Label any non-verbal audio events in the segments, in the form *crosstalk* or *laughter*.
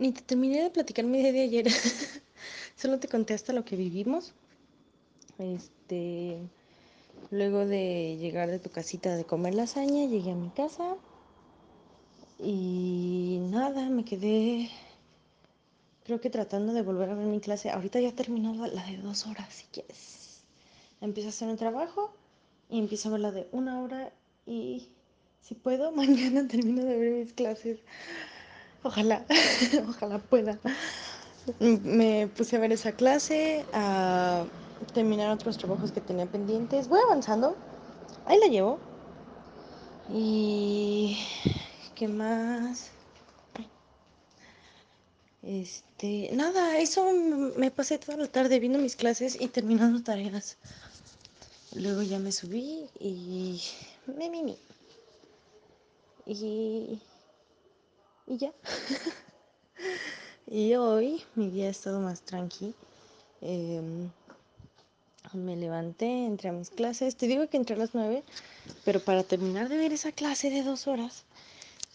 Ni te terminé de platicar mi día de ayer. *laughs* Solo te conté hasta lo que vivimos. Este, luego de llegar de tu casita de comer lasaña, llegué a mi casa. Y nada, me quedé creo que tratando de volver a ver mi clase. Ahorita ya terminado la de dos horas, si quieres. Empiezo a hacer un trabajo y empiezo a ver la de una hora y si puedo, *laughs* mañana termino de ver mis clases. Ojalá, *laughs* ojalá pueda. Me puse a ver esa clase, a terminar otros trabajos que tenía pendientes. Voy avanzando, ahí la llevo. Y qué más. Este, nada, eso me pasé toda la tarde viendo mis clases y terminando tareas. Luego ya me subí y me mimi. Y y ya. *laughs* y hoy mi día ha estado más tranqui. Em, me levanté, entré a mis clases. Te digo que entré a las nueve pero para terminar de ver esa clase de dos horas,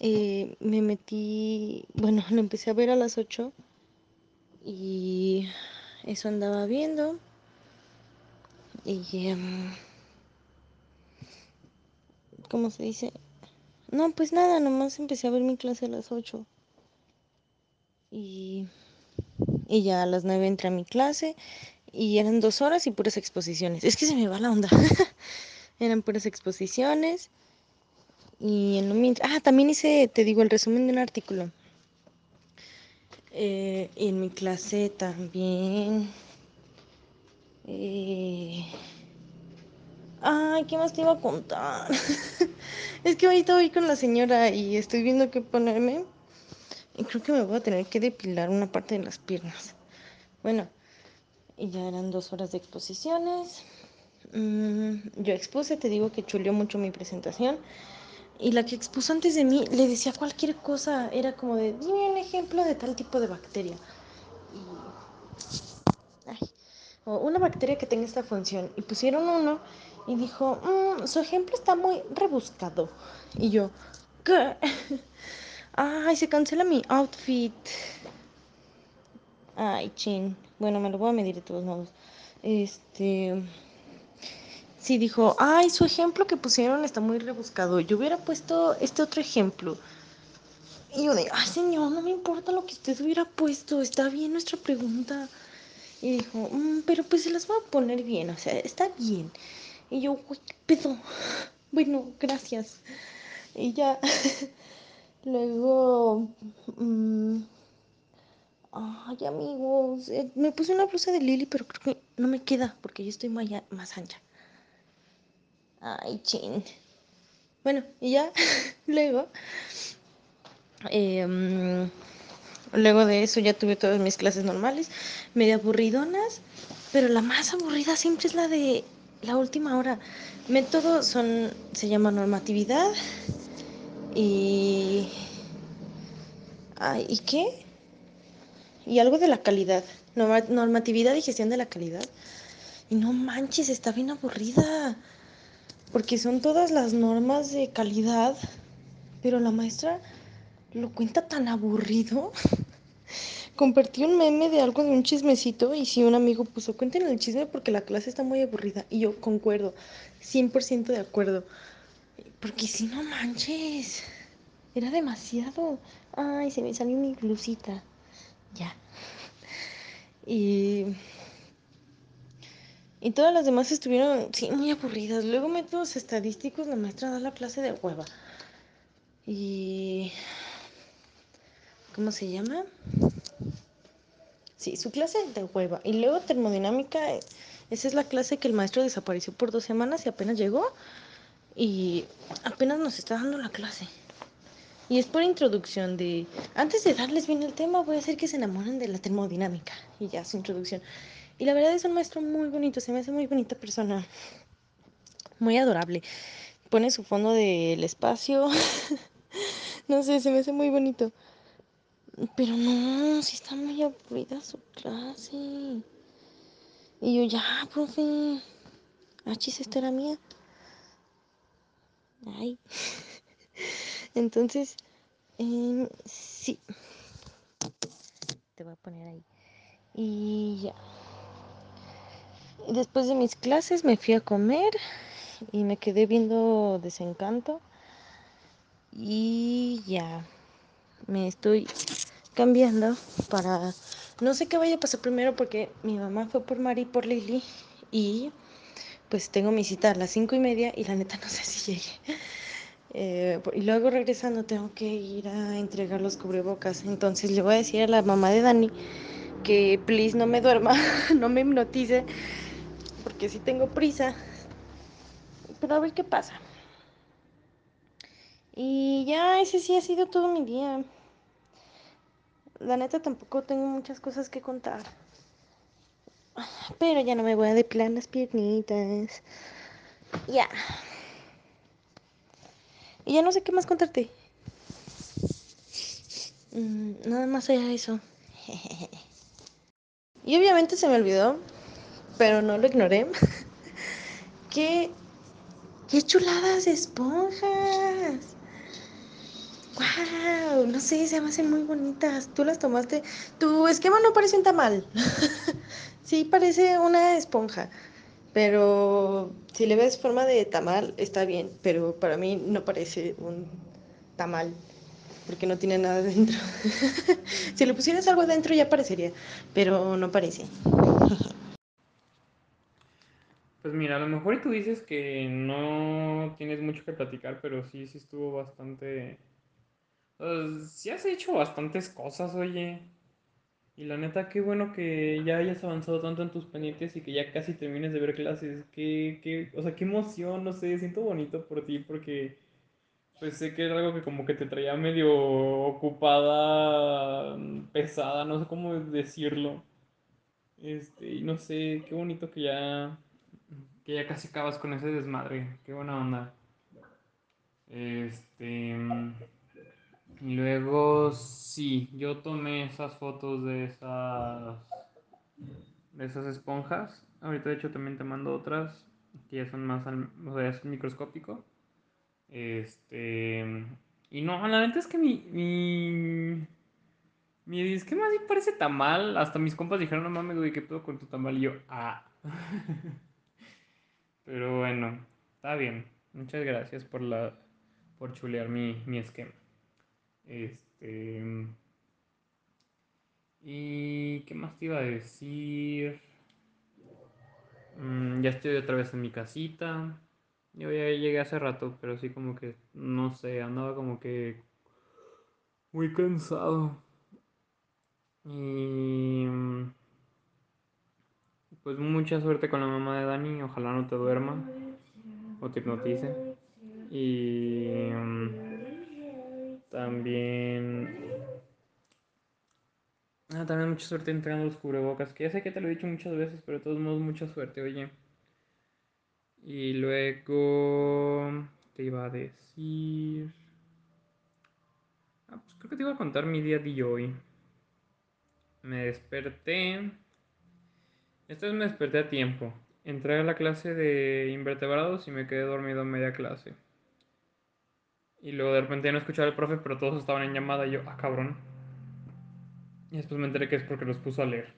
eh, me metí, bueno, *laughs* lo empecé a ver a las ocho y eso andaba viendo. Y, em, ¿cómo se dice? No, pues nada, nomás empecé a ver mi clase a las 8. Y, ya a las 9 entré a mi clase y eran dos horas y puras exposiciones. Es que se me va la onda. *laughs* eran puras exposiciones. Y en lo mientras... Ah, también hice, te digo, el resumen de un artículo. Eh, en mi clase también... Eh, Ay, ¿qué más te iba a contar? *laughs* es que ahorita voy con la señora y estoy viendo qué ponerme. Y creo que me voy a tener que depilar una parte de las piernas. Bueno, y ya eran dos horas de exposiciones. Mm, yo expuse, te digo que chuleó mucho mi presentación. Y la que expuso antes de mí le decía cualquier cosa. Era como de, dime un ejemplo de tal tipo de bacteria. O una bacteria que tenga esta función. Y pusieron uno y dijo, mm, su ejemplo está muy rebuscado. Y yo, ¿qué? *laughs* Ay, se cancela mi outfit. Ay, chin. Bueno, me lo voy a medir de todos modos. Este. Sí, dijo, ay, su ejemplo que pusieron está muy rebuscado. Yo hubiera puesto este otro ejemplo. Y yo digo, ay, señor, no me importa lo que usted hubiera puesto. Está bien nuestra pregunta. Y dijo, mm, pero pues se las voy a poner bien. O sea, está bien. Y yo, uy, qué pedo. Bueno, gracias. Y ya. *laughs* Luego. Mm, ay, amigos. Eh, me puse una blusa de Lily, pero creo que no me queda porque yo estoy más, ancha. Ay, chin. Bueno, y ya. *laughs* luego. Em, luego de eso ya tuve todas mis clases normales, medio aburridonas, pero la más aburrida siempre es la de la última hora. Método son, se llama normatividad y... Ay, ¿Y qué? Y algo de la calidad. Normatividad y gestión de la calidad. Y no manches, está bien aburrida. Porque son todas las normas de calidad. Pero la maestra lo cuenta tan aburrido. Compartí un meme de algo de un chismecito y si un amigo puso, en el chisme porque la clase está muy aburrida. Y yo concuerdo, 100% de acuerdo. Porque si no manches, era demasiado. Ay, se me salió mi blusita. Ya. Y. Y todas las demás estuvieron, sí, muy aburridas. Luego métodos estadísticos, la maestra da la clase de hueva. Y ¿cómo se llama? Sí, su clase de hueva. Y luego termodinámica, eh, esa es la clase que el maestro desapareció por dos semanas y apenas llegó y apenas nos está dando la clase. Y es por introducción de, antes de darles bien el tema, voy a hacer que se enamoren de la termodinámica. Y ya, su introducción. Y la verdad es un maestro muy bonito, se me hace muy bonita persona, muy adorable. Pone su fondo del espacio, *laughs* no sé, se me hace muy bonito. Pero no, si está muy aburrida su clase. Y yo, ya, profe. Achis, ah, esto era mía. Ay. *laughs* Entonces, em, sí. Te voy a poner ahí. Y ya. Después de mis clases me fui a comer y me quedé viendo desencanto. Y ya me estoy cambiando para... No sé qué vaya a pasar primero porque mi mamá fue por Mari por Lili y pues tengo mi cita a las cinco y media y la neta no sé si llegue. *laughs* Eh, y luego regresando tengo que ir a entregar los cubrebocas. Entonces le voy a decir a la mamá de Dani que please no me duerma, *laughs* no me hipnotice, porque sí tengo prisa. Pero a ver qué pasa. Y ya ese sí ha sido todo mi día. La neta tampoco tengo muchas cosas que contar. Pero ya no me voy a depilar las piernitas. Ya. Y ya no sé qué más contarte. Mm, nada más allá de eso. *laughs* y obviamente se me olvidó, pero no lo ignoré. *laughs* ¡Qué, qué chuladas esponjas! wow, no sé, se me hacen muy bonitas. Tú las tomaste, tu esquema no parece un tamal. *laughs* sí, parece una esponja. Pero si le ves forma de tamal, está bien, pero para mí no parece un tamal, porque no tiene nada dentro. *laughs* si le pusieras algo dentro ya parecería, pero no parece. Pues mira, a lo mejor tú dices que no tienes mucho que platicar, pero sí, sí estuvo bastante si pues, sí has hecho bastantes cosas, oye. Y la neta, qué bueno que ya hayas avanzado tanto en tus pendientes y que ya casi termines de ver clases. Qué, o sea, qué emoción, no sé, siento bonito por ti porque pues sé que era algo que como que te traía medio ocupada, mm, pesada, no sé cómo decirlo. Este, y no sé, qué bonito que ya que ya casi acabas con ese desmadre. Qué buena onda. Este, mm, y Luego, sí, yo tomé esas fotos de esas, de esas esponjas. Ahorita, de hecho, también te mando otras que ya son más, al, o microscópico. Este, y no, la neta es que mi, mi, mi esquema sí parece tan mal Hasta mis compas dijeron, no mames, güey, ¿qué todo con tu tamal? Y yo, ah. *laughs* Pero bueno, está bien. Muchas gracias por la por chulear mi esquema. Este. ¿Y qué más te iba a decir? Mm, ya estoy otra vez en mi casita. Yo ya llegué hace rato, pero sí como que, no sé, andaba como que muy cansado. Y mm, pues mucha suerte con la mamá de Dani, ojalá no te duerma o te hipnotice. Y... Mm, también. Ah, también mucha suerte entrando los cubrebocas. Que ya sé que te lo he dicho muchas veces, pero de todos modos, mucha suerte, oye. Y luego. Te iba a decir. Ah, pues creo que te iba a contar mi día de hoy. Me desperté. Esta vez me desperté a tiempo. Entré a la clase de invertebrados y me quedé dormido en media clase. Y luego de repente no escuchaba al profe, pero todos estaban en llamada y yo, ah, cabrón. Y después me enteré que es porque los puso a leer.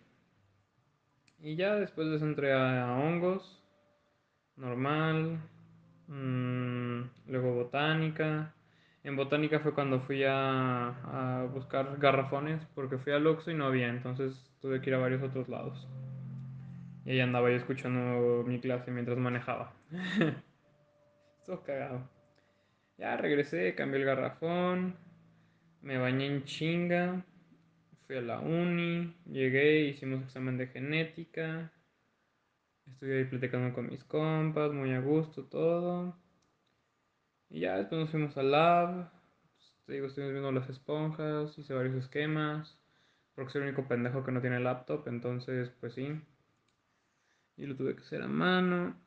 Y ya después les entré a, hongos, normal, mm, luego botánica. En botánica fue cuando fui a, buscar garrafones porque fui a Luxo y no había, entonces tuve que ir a varios otros lados. Y ahí andaba yo escuchando mi clase mientras manejaba. *laughs* Estuvo cagado. Ya regresé, cambié el garrafón, me bañé en chinga, fui a la uni, llegué, hicimos examen de genética, estuve ahí platicando con mis compas, muy a gusto, todo. Y ya después nos fuimos al lab, pues, viendo las esponjas, hice varios esquemas, porque soy el único pendejo que no tiene laptop, entonces pues sí. Y lo tuve que hacer a mano.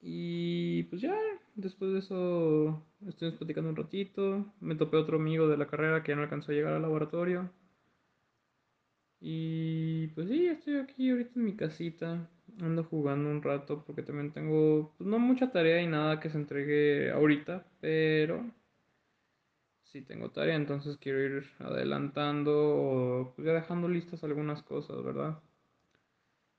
Y pues ya, después de eso estuvimos platicando un ratito. Me topé otro amigo de la carrera que ya no alcanzó a llegar al laboratorio. Y pues sí, estoy aquí ahorita en mi casita. Ando jugando un rato porque también tengo pues, no mucha tarea y nada que se entregue ahorita, pero sí tengo tarea, entonces quiero ir adelantando o pues, ya dejando listas algunas cosas, ¿verdad?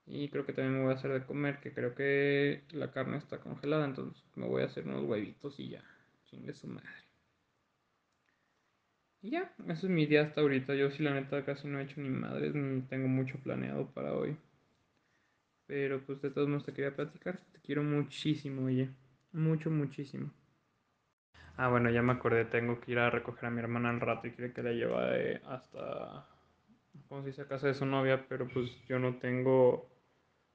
Y creo que también me voy a hacer de comer, que creo que la carne está congelada, entonces me voy a hacer unos huevitos y ya. Chingue su madre. Y ya, ese es mi día hasta ahorita. Yo si la neta casi no he hecho ni madres, ni tengo mucho planeado para hoy. Pero pues de todos modos te quería platicar. Te quiero muchísimo, oye. Mucho, muchísimo. Ah, bueno, ya me acordé, tengo que ir a recoger a mi hermana al rato y quiere que la lleve eh, hasta vamos si se casa de su novia, pero pues yo no tengo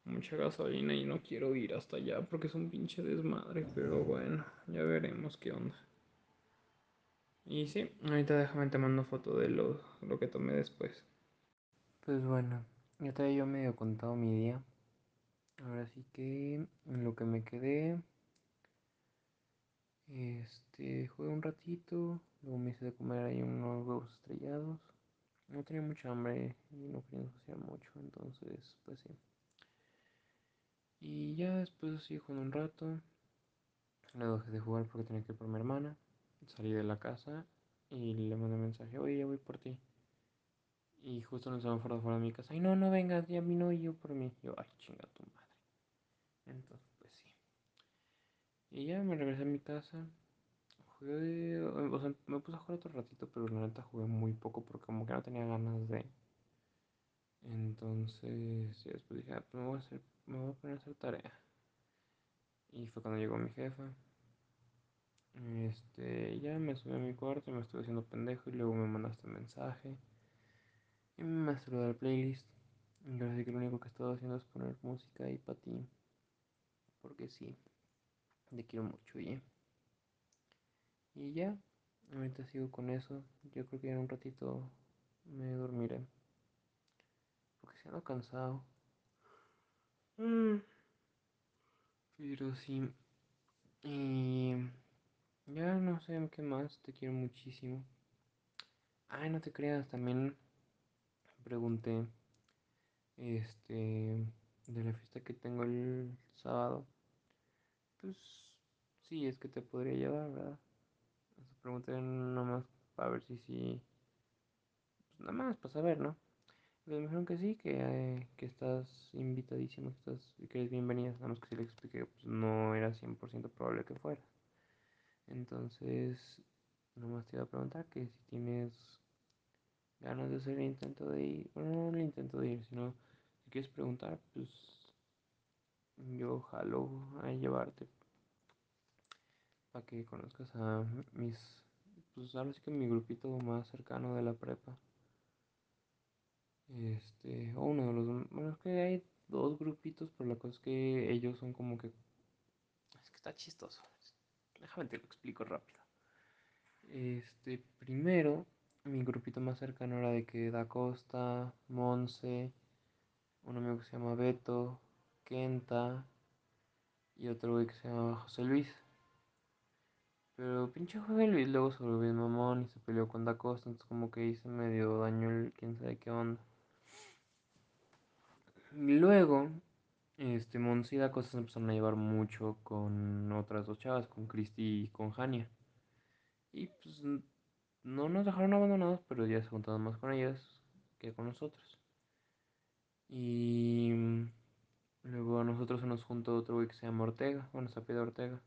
mucha gasolina y no quiero ir hasta allá porque es un pinche desmadre, pero bueno, ya veremos qué onda. Y sí, ahorita déjame te mando foto de lo, lo que tomé después. Pues bueno, ya te había yo medio contado mi día. Ahora sí que lo que me quedé. Este, jugué un ratito, luego me hice de comer ahí unos huevos estrellados no tenía mucha hambre y no quería ensuciar mucho, entonces pues sí. Y ya después así con un rato, Le dejé de jugar porque tenía que ir por mi hermana, salí de la casa y le mandé un mensaje, oye, ya voy por ti. Y justo nos estaban a fuera de mi casa, ay no, no vengas, ya vino y yo por mí. yo, ay chinga tu madre. Entonces pues sí. Y ya me regresé a mi casa, Jugué, eh, o me puse a jugar otro ratito, pero la neta jugué muy poco porque como que no tenía ganas de... Entonces, después dije, ah, pues me voy, a hacer, me voy a poner a hacer tarea. Y fue cuando llegó mi jefa. Este, ya me subí a mi cuarto y me estuve haciendo pendejo y luego me mandaste un mensaje. Y me saludó la playlist. Y ahora que lo único que he estado haciendo es poner música ahí para ti. Porque sí, te quiero mucho, oye. Y ya, ahorita sigo con eso. Yo creo que en un ratito me dormiré. Porque se ando cansado. Mm. Pero sí. Y eh, ya no sé qué más. Te quiero muchísimo. Ay, no te creas, también pregunté este de la fiesta que tengo el sábado. Pues sí, es que te podría llevar, ¿verdad? pregunté nomás para ver si si Pues nada más, para saber, ¿no? Pues me dijeron que sí, eh, que, estás invitadísimo, que, estás, que eres bienvenida. Nada que si le expliqué, pues no era 100% probable que fuera. Entonces, nomás te iba a preguntar que si tienes ganas de hacer el intento de ir, bueno, no el intento de ir, sino si quieres preguntar, pues yo ojalá a llevarte para que conozcas a mis, pues ahora sí que mi grupito más cercano de la prepa. Este, o uno de los, bueno, es que hay dos grupitos, pero la cosa es que ellos son como que, es que está chistoso. Déjame te lo explico rápido. Este, primero, mi grupito más cercano era de que Da Costa, Monse, un amigo que se llama Beto, Kenta y otro güey que se llama José Luis. Pero pinche joven Luis luego se volvió mamón y se peleó con Dacosta, entonces como que hice medio daño el quién sabe qué onda. Luego, este, Monsi y Dacosta se empezaron a llevar mucho con otras dos chavas, con Christy y con Hania. Y pues no nos dejaron abandonados, pero ya se juntaron más con ellas que con nosotros. Y mm, luego a nosotros se nos juntó otro güey que se llama Ortega, bueno, de Ortega.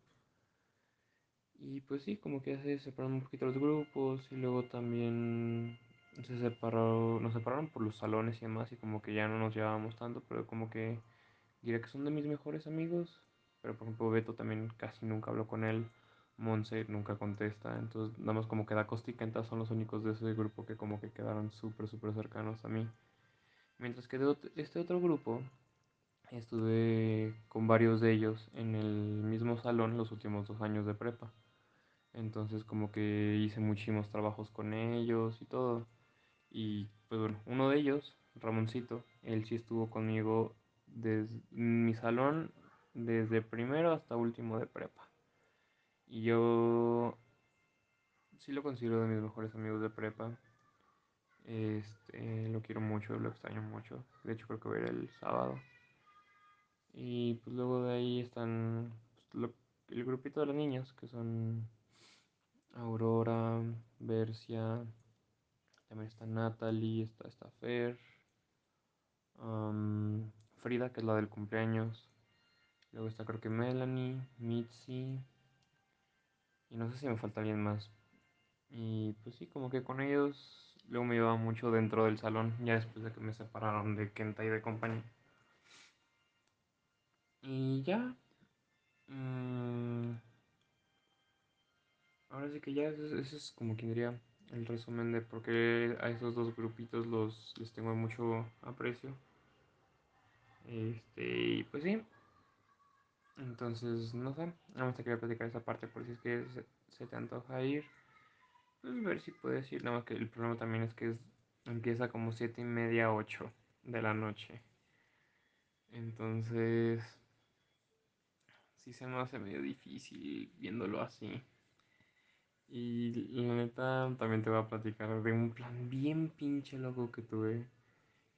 Y pues sí, como que se separaron un poquito los grupos y luego también se separó, nos separaron por los salones y demás y como que ya no nos llevábamos tanto, pero como que diría que son de mis mejores amigos, pero por ejemplo Beto también casi nunca habló con él, Monse nunca contesta, entonces nada más como que da y entonces son los únicos de ese grupo que como que quedaron súper súper cercanos a mí. Mientras que de este otro grupo estuve con varios de ellos en el mismo salón los últimos dos años de prepa. Entonces como que hice muchísimos trabajos con ellos y todo. Y pues bueno, uno de ellos, Ramoncito, él sí estuvo conmigo desde mi salón desde primero hasta último de prepa. Y yo sí lo considero de mis mejores amigos de prepa. Este, lo quiero mucho, lo extraño mucho. De hecho creo que voy a ir el sábado. Y pues luego de ahí están pues, el grupito de los niños que son Aurora, Bercia, también está Natalie, está, Fer, Frida, que es la del cumpleaños, luego está creo que Melanie, Mitzi, y no sé si me falta alguien más. Y pues sí, como que con ellos luego me llevaba mucho dentro del salón, ya después de que me separaron de Kenta y de compañía. Y ya. Mm, Ahora sí que ya ese es como quien diría el resumen de por qué a esos dos grupitos los les tengo mucho aprecio. Este, pues sí. Entonces, no sé, vamos a querer platicar esa parte por si es que se, te antoja ir. Pues ver si puedes ir, nada más que el problema también es que empieza como siete y media, 8 de la noche. Entonces, sí se me hace medio difícil viéndolo así. Y la neta también te voy a platicar de un plan bien pinche loco que tuve,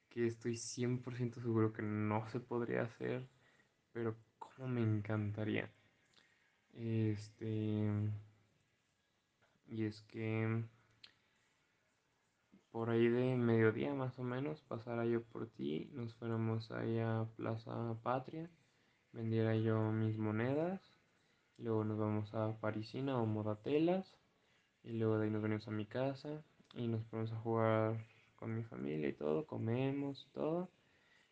que estoy 100% seguro que no se podría hacer, pero como me encantaría. Este... Y es que por ahí de mediodía más o menos pasara yo por ti, nos fuéramos ahí a Plaza Patria, vendiera yo mis monedas, luego nos vamos a Parisina o Modatelas y luego de ahí nos venimos a mi casa y nos ponemos a jugar con mi familia y todo, comemos, todo.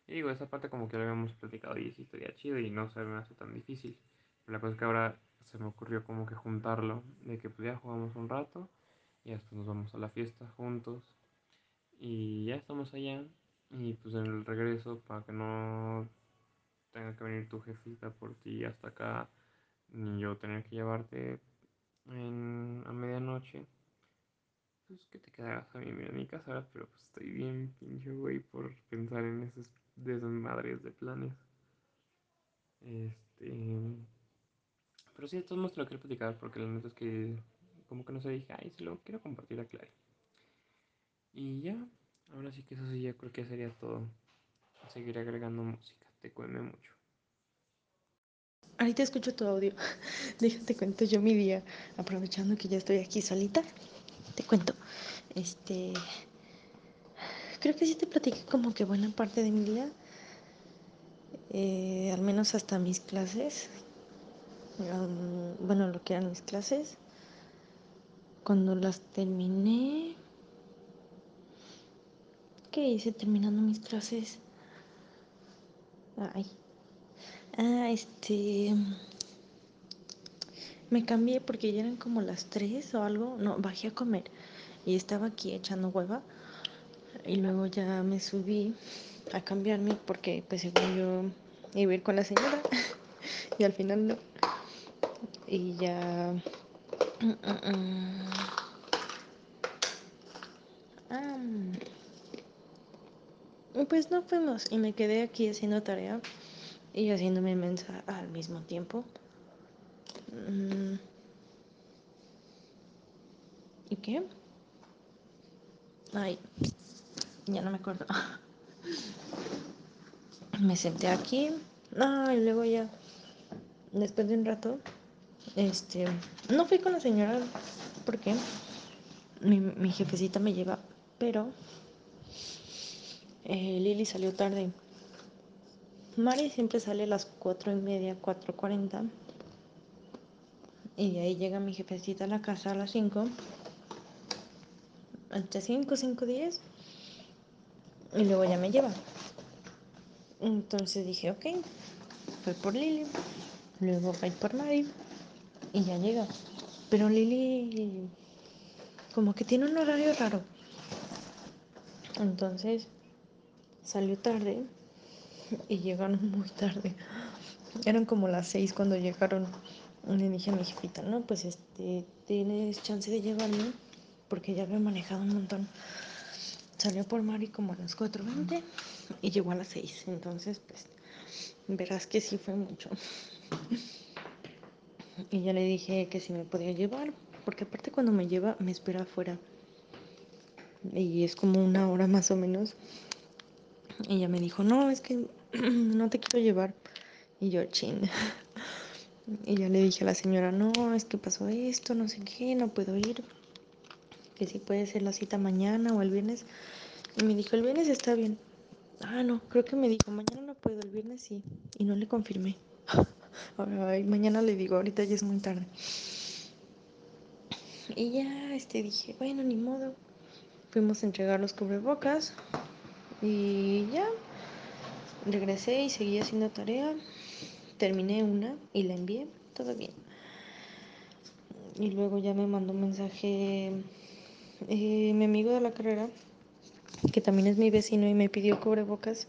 Y digo, esa parte como que lo habíamos platicado y sí estaría chido y no se me hace tan difícil. Pero la cosa es que ahora se me ocurrió como que juntarlo, de que pues jugamos un rato y después nos vamos a la fiesta juntos. Y ya estamos allá y pues en el regreso para que no tenga que venir tu jefita por ti hasta acá, ni yo tener que llevarte, en, a medianoche, pues que te quedarás a mí en mi casa, pero pues estoy bien pinche güey por pensar en esas desmadres de planes. Este. Pero si de es modos te lo quiero platicar porque la neta es que, como que no se dije, ay, se lo quiero compartir a Clary. Y ya, ahora sí que eso sí, ya creo que sería todo. Seguiré agregando música, te cueme mucho. Ahorita escucho tu audio. *laughs* Déjate cuento yo mi día, aprovechando que ya estoy aquí solita. Te cuento. Este. Creo que sí te platiqué como que buena parte de mi día. Eh, al menos hasta mis clases. bueno, lo que eran mis clases. Cuando las terminé. ¿Qué hice terminando mis clases? Ay, Ah, este. Me cambié porque ya eran como las 3 o algo. No, bajé a comer y estaba aquí echando hueva. Y luego ya me subí a cambiarme porque, pues, según yo iba a ir con la señora *laughs* y al final no. Y ya. Mm, mm, mm. Ah, pues no fuimos y me quedé aquí haciendo tarea y yo haciéndome mensa al mismo tiempo. Mm. ¿Y qué? Ay, ya no me acuerdo. *laughs* Me senté aquí. ay y luego ya, después de un rato, este, no fui con la señora porque mi, mi jefecita me lleva, pero eh, Lili salió tarde. Mari siempre sale a las 4 y media, 4.40. Y ahí llega mi jefecita a la casa a las 5. Entre 5, 5, 10. Y luego ya me lleva. Entonces dije, ok, voy por Lili. Luego voy por Mari. Y ya llega. Pero Lili como que tiene un horario raro. Entonces salió tarde y llegaron muy tarde. Eran como las seis cuando llegaron. Le dije a mi jefita, no, pues este, tienes chance de llevarme porque ya había manejado un montón. Salió por Mari como a las 4.20 y llegó a las 6. Entonces, pues, verás que sí fue mucho. Y ya le dije que si me podía llevar, porque aparte cuando me lleva me espera afuera. Y es como una hora más o menos. Y ella me dijo, no, es que *clears throat* no te quiero llevar. Y yo, ching *laughs* Y ya le dije a la señora, no, es que pasó esto, no sé qué, no puedo ir. Que si puede ser la cita mañana o el viernes. Y me dijo, el viernes está bien. Ah, no, creo que me dijo, mañana no puedo, el viernes sí. Y no le confirmé. *laughs* mañana le digo, ahorita ya es muy tarde. Y ya este, dije, bueno, ni modo. Fuimos a entregar los cubrebocas. Y ya, Regresé y seguí haciendo tarea. Terminé una y la envié. Todo bien. Y luego ya me mandó un mensaje eh, mi amigo de la carrera, que también es mi vecino y me pidió cubrebocas.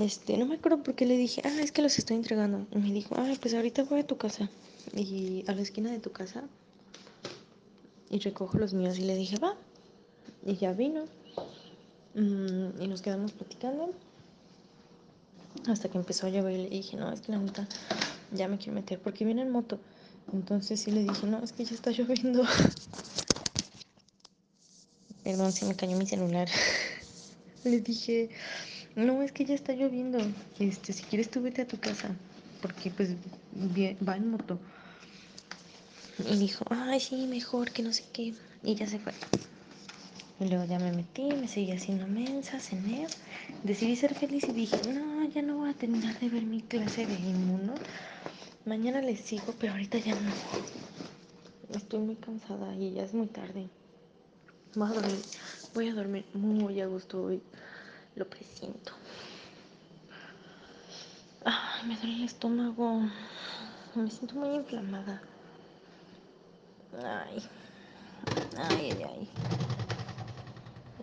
Este, no me acuerdo por qué le dije, ah, es que los estoy entregando. me dijo, ah, pues ahorita voy a tu casa. Y a la esquina de tu casa. Y recojo los míos. Y le dije, va. Y ya vino. Mm, y nos quedamos platicando. Hasta que empezó a llover y le dije, no, es que la neta ya me quiero meter porque viene en moto. Entonces sí le dije, no, es que ya está *laughs* lloviendo. Perdón, se me cayó mi celular. *laughs* le dije, no, es que ya está lloviendo. Este, si quieres tú vete a tu casa porque pues va en moto. Y dijo, ay, sí, mejor que no sé qué. Y ya se fue. Y luego ya me metí, me seguí haciendo mensas, cené. Decidí ser feliz y dije, no, ya no voy a terminar de ver mi clase de inmuno. Mañana les sigo, pero ahorita ya no. Estoy muy cansada y ya es muy tarde. Voy a dormir, voy a dormir muy a gusto hoy. Lo presiento. Ay, me duele el estómago. Me siento muy inflamada. Ay... Ay, ay, ay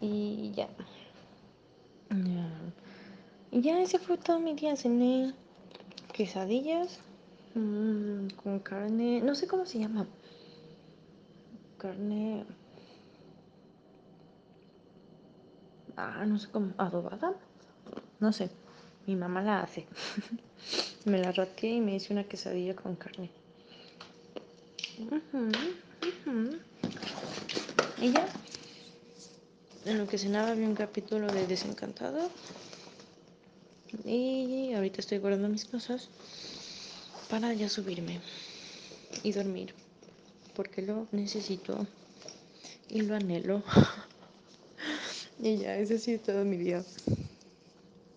y ya. ya. Ya ese fue todo mi día. Cené quesadillas mm, con carne, no sé cómo se llama. Carne. Ah, no sé cómo. ¿Adobada? No sé. Mi mamá la hace. *laughs* me la rateé y me hice una quesadilla con carne. Y ya en lo que nada vi un capítulo de desencantado. Y ahorita estoy guardando mis cosas para ya subirme y dormir. Porque lo necesito y lo anhelo. *laughs* y ya, ese ha sido todo mi vida.